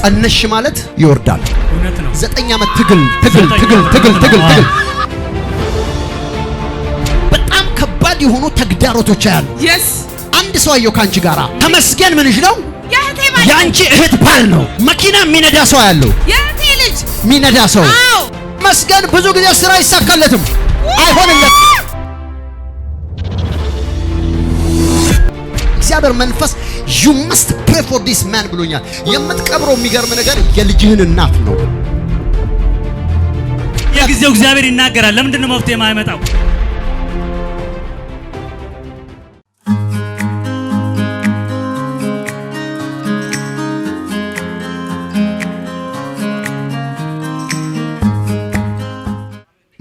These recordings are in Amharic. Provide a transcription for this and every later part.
ጸነሽ ማለት ይወርዳል። ዘጠኝ ዓመት ትግል ትግል ትግል ትግል ትግል ትግል በጣም ከባድ የሆኑ ተግዳሮቶች አያሉ። አንድ ሰው አየው ከአንቺ ጋራ ተመስገን ምንሽ ነው የአንቺ እህት ባል ነው መኪና የሚነዳ ሰው ልጅ የሚነዳ ሰው መስገን ብዙ ጊዜ ስራ አይሳካለትም፣ አይሆንለት እግዚአብሔር መንፈስ ዩ መስት ፕሬ ፎር ዲስ ማን ብሎኛል። የምትቀብረው የሚገርም ነገር የልጅህን እናት ነው። የጊዜው እግዚአብሔር ይናገራል። ለምንድን ነው መፍትሄ የማይመጣው?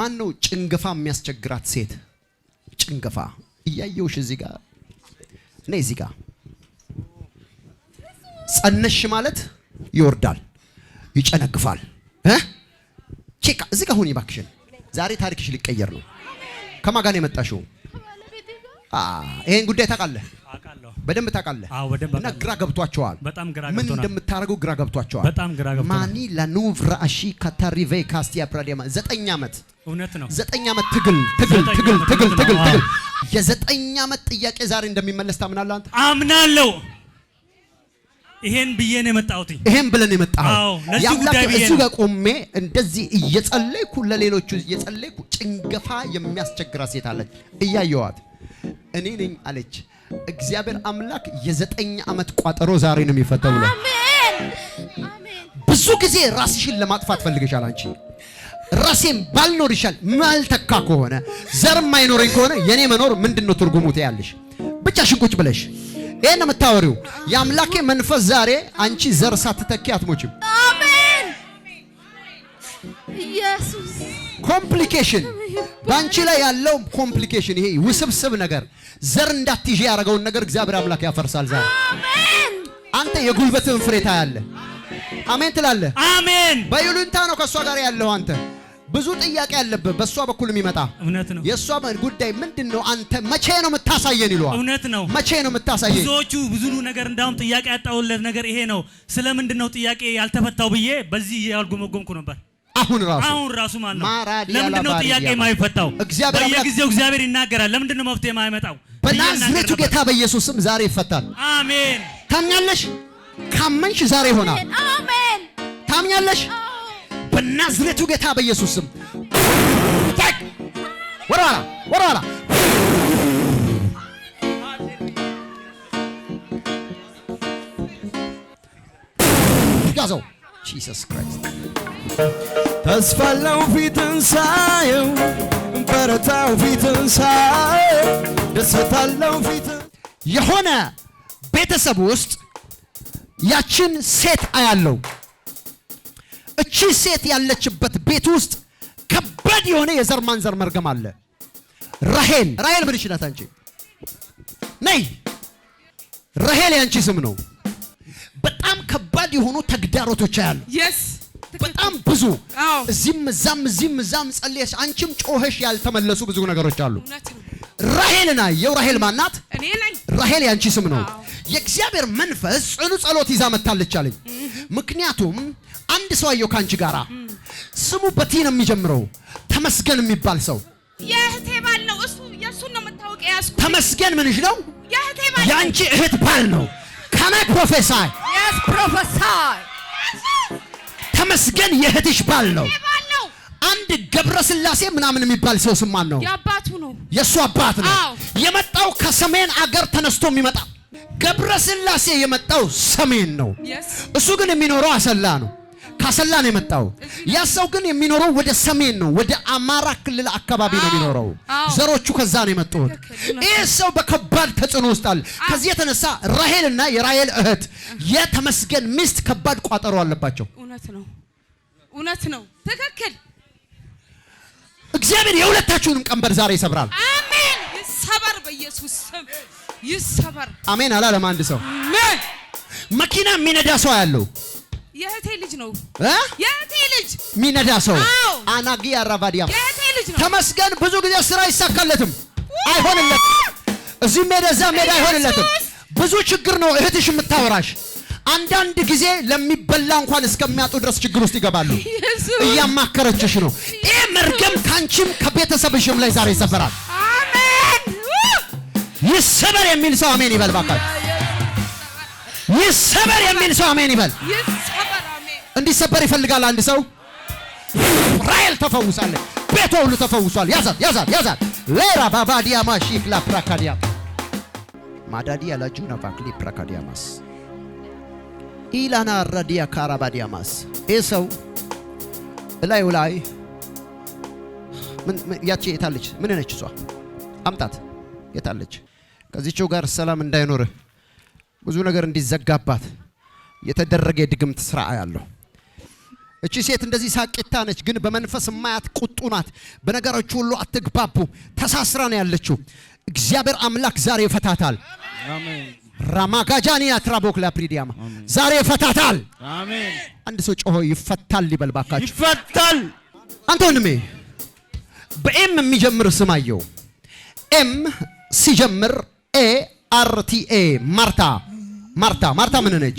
ማን ነው ጭንገፋ የሚያስቸግራት ሴት? ጭንግፋ እያየውሽ እዚህ ጋር እኔ እዚህ ጋር ጸነሽ ማለት ይወርዳል፣ ይጨነግፋል። ቼካ እዚህ ጋር ሁኚ እባክሽን። ዛሬ ታሪክሽ ሊቀየር ነው። ከማን ጋር ነው የመጣሽው? ይሄን ጉዳይ ታውቃለህ? በደንብ ታውቃለህ። እና ግራ ገብቷቸዋል። ምን እንደምታደርገው ግራ ገብቷቸዋል። ማኒ ላኑቭራ አሺ ካታሪቬ ካስቲያ ፕራዲማ ዘጠኝ ዓመት ዘጠኝ ዓመት ትግል ትግል ትግል ትግል ትግል የዘጠኝ ዓመት ጥያቄ ዛሬ እንደሚመለስ ታምናለህ አንተ? አምናለሁ ይሄን ብዬ ነው የመጣሁት። ይሄን ብለን የመጣው እዚህ ጋር ቆሜ እንደዚህ እየጸለይኩ ለሌሎቹ እየጸለይኩ ጭንገፋ የሚያስቸግራ ሴት አለች፣ እያየዋት እኔ ነኝ አለች። እግዚአብሔር አምላክ የዘጠኝ ዓመት ቋጠሮ ዛሬ ነው የሚፈታው ብሎ ብዙ ጊዜ ራስሽን ለማጥፋት ፈልገሻል አንቺ ራሴን ባልኖር ይሻል ማልተካ ከሆነ ዘር ማይኖረኝ ከሆነ የኔ መኖር ምንድነው ትርጉሙ? ታያለሽ ብቻ ሽንቁጭ ብለሽ ይሄን የምታወሪው። የአምላኬ መንፈስ ዛሬ አንቺ ዘር ሳትተኪ አትሞችም። አሜን። ኢየሱስ ኮምፕሊኬሽን በአንቺ ላይ ያለው ኮምፕሊኬሽን ይሄ ውስብስብ ነገር ዘር እንዳትይዤ ያደረገውን ነገር እግዚአብሔር አምላክ ያፈርሳል ዛሬ። አንተ የጉልበትን ፍሬታ ያለ አሜን ትላለህ። አሜን። በይሉንታ ነው ከእሷ ጋር ያለው አንተ ብዙ ጥያቄ አለብህ። በእሷ በኩል የሚመጣ እውነት ነው። የእሷ ጉዳይ ምንድን ነው? አንተ መቼ ነው የምታሳየን ይለዋል። እውነት ነው። መቼ ነው የምታሳየን? ብዙዎቹ ብዙ ነገር እንዳውም ጥያቄ ያጣውለት ነገር ይሄ ነው። ስለምንድን ነው ጥያቄ ያልተፈታው ብዬ በዚህ ያልጎመጎምኩ ነበር። አሁን ራሱ አሁን ራሱ ማን ነው። ለምንድን ነው ጥያቄ የማይፈታው? በየጊዜው እግዚአብሔር ይናገራል። ለምንድን ነው መፍትሄ የማይመጣው? በናዝሬቱ ጌታ ስም ዛሬ ይፈታል። አሜን። ታምኛለሽ? ካመንሽ ዛሬ ይሆናል። አሜን። ታምኛለሽ? በናዝሬቱ ጌታ በኢየሱስ ስም ወደኋላ ወደኋላ ያዘው። ኢየሱስ ክራይስት ተስፋለው ፊትን ሳየው በረታው ፊትን ሳየው ደስታለው ፊትን የሆነ ቤተሰብ ውስጥ ያችን ሴት አያለው። እቺ ሴት ያለችበት ቤት ውስጥ ከባድ የሆነ የዘር ማንዘር መርገም አለ። ራሄል ራሄል ምን ይችላት? አንቺ ነይ ራሄል ያንቺ ስም ነው። በጣም ከባድ የሆኑ ተግዳሮቶች ያሉ በጣም ብዙ እዚህም እዛም እዚህም እዛም ጸልየሽ አንቺም ጮኸሽ ያልተመለሱ ብዙ ነገሮች አሉ። ራሄልና የው ራሄል ማናት? ራሄል ያንቺ ስም ነው። የእግዚአብሔር መንፈስ ጽኑ ጸሎት ይዛ መታለች አለኝ። ምክንያቱም አንድ ሰው አየሁ ከአንቺ ጋራ ስሙ በቲ ነው የሚጀምረው። ተመስገን የሚባል ሰው የእህቴ ባል ነው። እሱ የእሱን ነው የምታውቀው ያዝኩት። ተመስገን ምንሽ ነው? የአንቺ እህት ባል ነው። ከነ ፕሮፌሳይ ተመስገን የእህትሽ ባል ነው። አንድ ገብረ ስላሴ ምናምን የሚባል ሰው ስም ማን ነው? የአባቱ ነው። የእሱ አባት ነው የመጣው ከሰሜን አገር ተነስቶ የሚመጣ ገብረ ስላሴ የመጣው ሰሜን ነው። እሱ ግን የሚኖረው አሰላ ነው። ካሰላ ነው የመጣው። ያ ሰው ግን የሚኖረው ወደ ሰሜን ነው፣ ወደ አማራ ክልል አካባቢ ነው የሚኖረው። ዘሮቹ ከዛ ነው የመጡት። ይህ ሰው በከባድ ተጽዕኖ ውስጥ አለ። ከዚህ የተነሳ ራሄልና የራሄል እህት የተመስገን ሚስት ከባድ ቋጠሮ አለባቸው። እውነት ነው፣ እውነት ነው፣ ትክክል። እግዚአብሔር የሁለታችሁንም ቀንበር ዛሬ ይሰብራል። አሜን። ይሰበር፣ በኢየሱስ ስም ይሰበር። አሜን አላለም አንድ ሰው መኪና የሚነዳ ሰው ያለው የእህቴ ልጅ ነው። የእህቴ ልጅ ሚነዳ ሰው አናጊ አራባዲያ ተመስገን። ብዙ ጊዜ ስራ አይሳካለትም፣ አይሆንለትም። እዚህ ሜዳ እዛ ሜዳ አይሆንለትም። ብዙ ችግር ነው እህትሽ የምታወራሽ። አንዳንድ ጊዜ ለሚበላ እንኳን እስከሚያጡ ድረስ ችግር ውስጥ ይገባሉ። እያማከረችሽ ነው። ይህ መርገም ከአንቺም ከቤተሰብሽም ላይ ዛሬ ይሰበራል። ይሰበር የሚል ሰው አሜን ይበል። ባካል ይሰበር የሚል ሰው አሜን ይበል። እንዲሰበር ይፈልጋል አንድ ሰው። ራኤል ተፈውሳለ፣ ቤቷ ሁሉ ተፈውሷል። ያዛት ያዛት ያዛት ሌራ ባባዲያ ማሺፍ ላፕራካዲያ ማዳዲ ማዳዲያ ላጁና ፕራካዲያ ማስ ኢላና ካራባዲያ ማስ ይህ ሰው እላዩ ላይ ያቺ የታለች? ምን ነች እሷ? አምጣት። የታለች? ከዚችው ጋር ሰላም እንዳይኖርህ ብዙ ነገር እንዲዘጋባት የተደረገ የድግምት ስራ ያለው እቺ ሴት እንደዚህ ሳቂታ ነች፣ ግን በመንፈስ ማያት ቁጡ ናት። በነገሮች ሁሉ አትግባቡ። ተሳስራ ነው ያለችው። እግዚአብሔር አምላክ ዛሬ ይፈታታል። ራማጋጃኒ አትራቦክ ላፕሪዲያማ ዛሬ ይፈታታል። አንድ ሰው ጮሆ ይፈታል ይበል ባካችሁ። ይፈታል። አንተ ወንድሜ በኤም የሚጀምር ስም አየው። ኤም ሲጀምር ኤ አር ቲ ኤ ማርታ ማርታ ማርታ ምን ነች?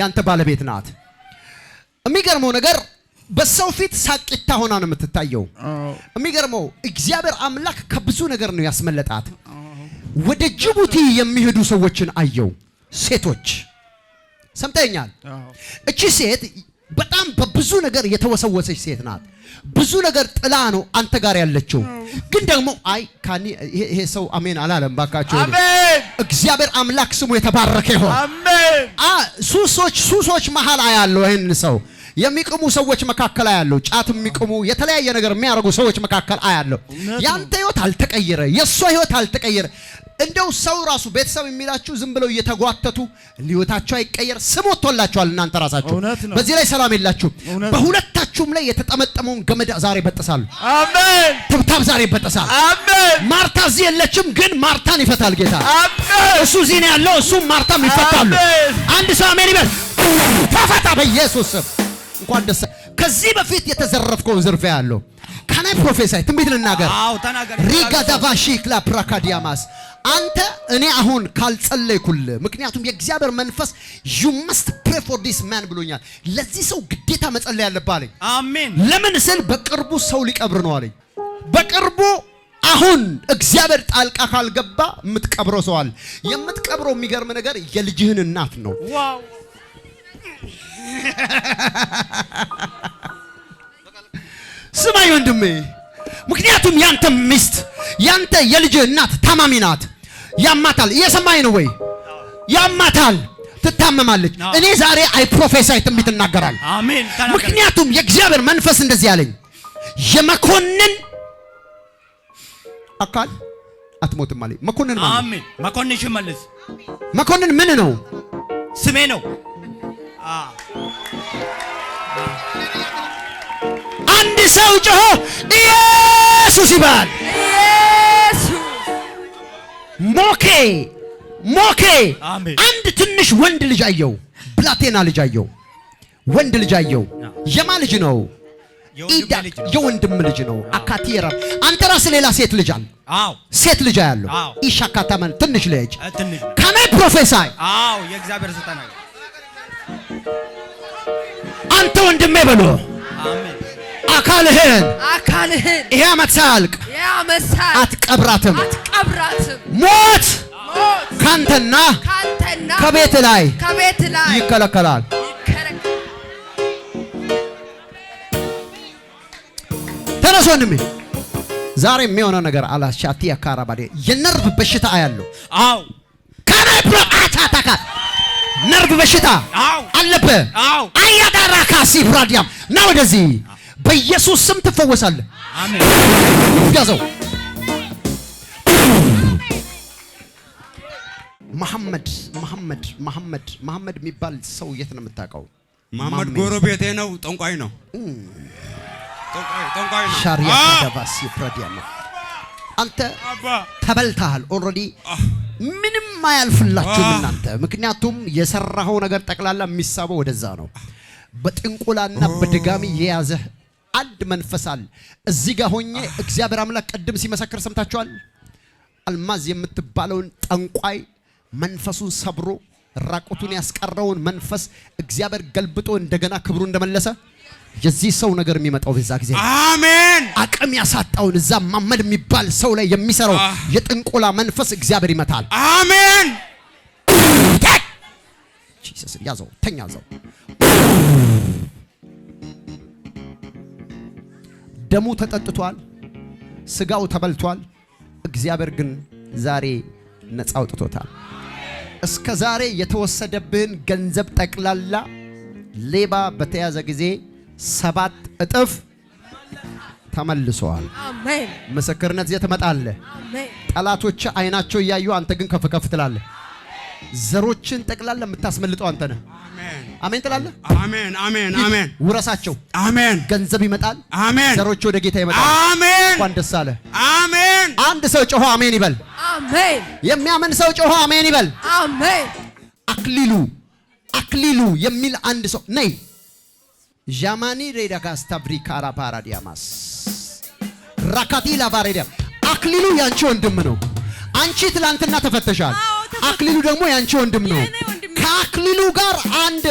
ያንተ ባለቤት ናት። የሚገርመው ነገር በሰው ፊት ሳቂታ ሆና ነው የምትታየው። የሚገርመው እግዚአብሔር አምላክ ከብዙ ነገር ነው ያስመለጣት። ወደ ጅቡቲ የሚሄዱ ሰዎችን አየው። ሴቶች ሰምተኛል። እቺ ሴት በጣም በብዙ ነገር የተወሰወሰች ሴት ናት። ብዙ ነገር ጥላ ነው አንተ ጋር ያለችው። ግን ደግሞ አይ ካኒ ይሄ ሰው አሜን አላለም። ባካቸው አሜን። እግዚአብሔር አምላክ ስሙ የተባረከ ይሆን። አሜን። አ ሱሶች ሱሶች መሃል አያለው ይህን ሰው የሚቅሙ ሰዎች መካከል አያለው። ጫት የሚቅሙ የተለያየ ነገር የሚያደርጉ ሰዎች መካከል አያለው። ያንተ ህይወት አልተቀየረ፣ የእሷ ህይወት አልተቀየረ። እንደው ሰው ራሱ ቤተሰብ የሚላችሁ ዝም ብለው እየተጓተቱ ህይወታቸው አይቀየር ስም ወጥቶላችኋል። እናንተ ራሳችሁ በዚህ ላይ ሰላም የላችሁ። በሁለታችሁም ላይ የተጠመጠመውን ገመድ ዛሬ ይበጠሳሉ። አሜን። ትብታብ ዛሬ ይበጠሳል። አሜን። ማርታ እዚህ የለችም፣ ግን ማርታን ይፈታል ጌታ። አሜን። እሱ እዚህ ነው ያለው፣ እሱም ማርታም ይፈታሉ። አንድ ሰው አሜን ይበል። ተፈታ በኢየሱስ ስም። እንኳን ደስ ከዚህ በፊት የተዘረፍከውን ዝርፊያ ያለው ከናይ ፕሮፌሳይ ትንቢት ልናገር ሪጋዳቫሺክላ ፕራካዲያማስ አንተ እኔ አሁን ካልጸለይኩል፣ ምክንያቱም የእግዚአብሔር መንፈስ ዩ መስት ፕሬ ፎር ዲስ ማን ብሎኛል። ለዚህ ሰው ግዴታ መጸለይ ያለብህ አለኝ። አሜን። ለምን ስል በቅርቡ ሰው ሊቀብር ነው አለኝ። በቅርቡ አሁን እግዚአብሔር ጣልቃ ካልገባ የምትቀብረው ሰው አለ። የምትቀብረው የሚገርም ነገር የልጅህን እናት ነው። ዋው ስማኝ ወንድሜ፣ ምክንያቱም ያንተ ሚስት ያንተ የልጅ እናት ታማሚ ናት። ያማታል። እየሰማኝ ነው ወይ? ያማታል ትታመማለች። እኔ ዛሬ አይ ፕሮፌሳይ ትንቢት እናገራል። ምክንያቱም የእግዚአብሔር መንፈስ እንደዚህ ያለኝ የመኮንን አካል አትሞትም አለኝ። መኮንን ማለት አሜን። መኮንን ሽመልስ መኮንን ምን ነው? ስሜ ነው። አንድ ሰው ጮሆ ኢየሱስ ይባል። ሞኬ ሞኬ አንድ ትንሽ ወንድ ልጅ አየው፣ ብላቴና ልጅ አየው፣ ወንድ ልጅ አየው። የማ ልጅ ነው? የወንድም ልጅ ነው። አካቲራ አንተ ራስህ ሌላ ሴት ልጅ አለ። አዎ ሴት ልጅ ያለው ኢሻካታ ማለት ትንሽ ልጅ ከናይ ፕሮፌሳይ አዎ የእግዚአብሔር ስልጣን አንተ ወንድሜ በሎ አካልህን አካልህን ይሄ ዓመት ሳያልቅ አትቀብራትም። ሞት ካንተና ከቤት ላይ ይከለከላል። ተነስ ወንድሜ። ዛሬ የሚሆነው ነገር አላሻቲ አካራባዴ የነርቭ በሽታ አያለሁ። አዎ ከነብሮ አቻታካ ነርቭ በሽታ አለብህ። አያዳራ ካሲ ፍራዲያም ና ወደዚህ በኢየሱስ ስም ትፈወሳለህ። አሜን። ያዘው መሐመድ መሐመድ መሐመድ መሐመድ የሚባል ሰው የት ነው የምታውቀው? መሐመድ ጎረቤቴ ነው። ጠንቋይ ነው። ሻሪያ ደባስ ይፍረድ ያለ አንተ ተበልተሃል ኦልሬዲ ምንም አያልፍላችሁም እናንተ። ምክንያቱም የሰራኸው ነገር ጠቅላላ የሚሳበው ወደዛ ነው። በጥንቁላና በድጋሚ የያዘህ አንድ መንፈስ አለ። እዚህ ጋር ሆኜ እግዚአብሔር አምላክ ቅድም ሲመሰክር ሰምታችኋል። አልማዝ የምትባለውን ጠንቋይ መንፈሱን ሰብሮ ራቁቱን ያስቀረውን መንፈስ እግዚአብሔር ገልብጦ እንደገና ክብሩ እንደመለሰ የዚህ ሰው ነገር የሚመጣው በዛ ጊዜ አሜን። አቅም ያሳጣውን እዛ ማመድ የሚባል ሰው ላይ የሚሰራው የጥንቆላ መንፈስ እግዚአብሔር ይመታል። አሜን። ያዘው፣ ተኛ፣ ያዘው ደሙ ተጠጥቷል፣ ስጋው ተበልቷል። እግዚአብሔር ግን ዛሬ ነፃ አውጥቶታል። እስከ ዛሬ የተወሰደብህን ገንዘብ ጠቅላላ ሌባ በተያዘ ጊዜ ሰባት እጥፍ ተመልሰዋል። ምስክርነት ጊዜ ትመጣለህ። ጠላቶች አይናቸው እያዩ አንተ ግን ከፍ ከፍ ትላለህ። ዘሮችን ጠቅላላ የምታስመልጠው አንተ ነህ። አሜን ትላለ አሜን አሜን አሜን። ውረሳቸው። አሜን። ገንዘብ ይመጣል። አሜን። ዘሮች ወደ ጌታ ይመጣል። አሜን። እንኳን ደስ አለ። አሜን። አንድ ሰው ጮሆ አሜን ይበል። አሜን። የሚያምን ሰው ጮሆ አሜን ይበል። አሜን። አክሊሉ አክሊሉ የሚል አንድ ሰው ነይ ዣማኒ ሬዳጋስታብሪ ካራ ፓራዲያማስ ራካቲ ላቫሬዳ አክሊሉ ያንቺ ወንድም ነው። አንቺ ትላንትና ተፈተሻል። አክሊሉ ደግሞ ያንቺ ወንድም ነው። ከአክሊሉ ጋር አንድ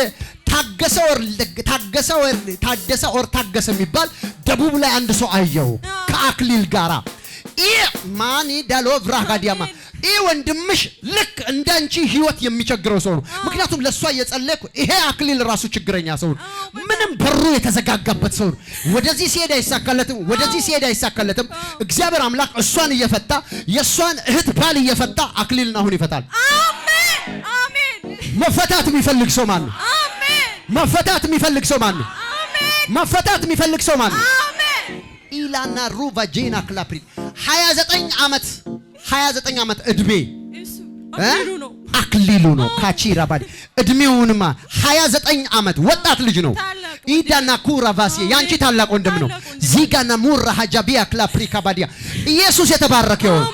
ታገሰ ወር ታገሰ ወር ታደሰ ወር ታገሰ የሚባል ደቡብ ላይ አንድ ሰው አየው ከአክሊል ጋራ ኢ ማኒ ዳሎ ብራጋዲያማ ይሄ ወንድምሽ ልክ እንደ አንቺ ህይወት የሚቸግረው ሰው ነው። ምክንያቱም ለእሷ እየጸለይኩ ይሄ አክሊል ራሱ ችግረኛ ሰው ነው። ምንም በሩ የተዘጋጋበት ሰው ነው። ወደዚህ ሲሄድ አይሳካለትም፣ ወደዚህ ሲሄድ አይሳካለትም። እግዚአብሔር አምላክ እሷን እየፈታ የእሷን እህት ባል እየፈታ አክሊልን አሁን ይፈታል። መፈታት የሚፈልግ ሰው ማን መፈታት የሚፈልግ ሰው ማን መፈታት የሚፈልግ ሰው ማን ነው? ኢላና ሩቫ ጄና ክላፕሪ 29 ዓመት 29 ዓመት እድሜ አክሊሉ ነው። ካቺራ ባዲ እድሜውንማ 29 ዓመት ወጣት ልጅ ነው። ኢዳና ኩራ ቫሲየ ያንቺ ታላቅ ወንድም ነው። ዚጋና ሙራ ሀጃቢያ ክላፕሪካ ባዲያ ኢየሱስ የተባረከ ይሁን።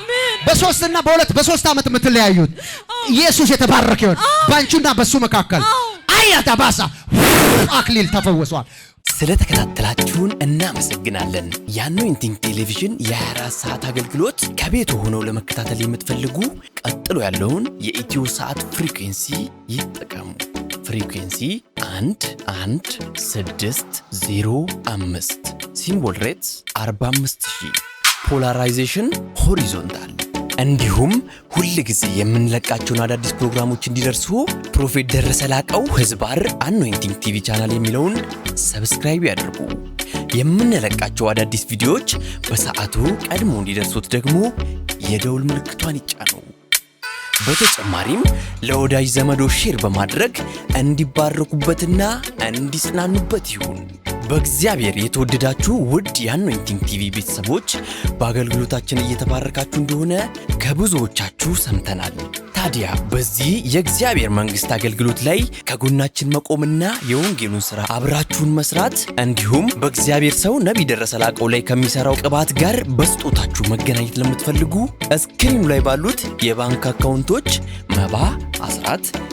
በሶስትና በሁለት በሶስት ዓመት የምትለያዩት ኢየሱስ የተባረከ ይሆን ባንቺና በሱ መካከል ባሳ አክሊል ተፈውሷል። ስለተከታተላችሁን እናመሰግናለን። የአኖይንቲንግ ቴሌቪዥን የ24 ሰዓት አገልግሎት ከቤት ሆነው ለመከታተል የምትፈልጉ ቀጥሎ ያለውን የኢትዮ ሰዓት ፍሪኩንሲ ይጠቀሙ። ፍሪኩንሲ 1 1 6 0 5 ሲምቦል ሬትስ 45000 ፖላራይዜሽን ሆሪዞንታል እንዲሁም ሁል ጊዜ የምንለቃቸውን አዳዲስ ፕሮግራሞች እንዲደርሱ ፕሮፌት ደረሰ ላቀው ህዝባር አኖይንቲንግ ቲቪ ቻናል የሚለውን ሰብስክራይብ ያድርጉ። የምንለቃቸው አዳዲስ ቪዲዮዎች በሰዓቱ ቀድሞ እንዲደርሱት ደግሞ የደውል ምልክቷን ይጫኑ። በተጨማሪም ለወዳጅ ዘመዶ ሼር በማድረግ እንዲባረኩበትና እንዲጽናኑበት ይሁን። በእግዚአብሔር የተወደዳችሁ ውድ የአኖይንቲንግ ቲቪ ቤተሰቦች በአገልግሎታችን እየተባረካችሁ እንደሆነ ከብዙዎቻችሁ ሰምተናል። ታዲያ በዚህ የእግዚአብሔር መንግስት አገልግሎት ላይ ከጎናችን መቆምና የወንጌሉን ስራ አብራችሁን መስራት እንዲሁም በእግዚአብሔር ሰው ነቢይ ደረሰ ላቀው ላይ ከሚሰራው ቅባት ጋር በስጦታችሁ መገናኘት ለምትፈልጉ እስክሪኑ ላይ ባሉት የባንክ አካውንቶች መባ፣ አስራት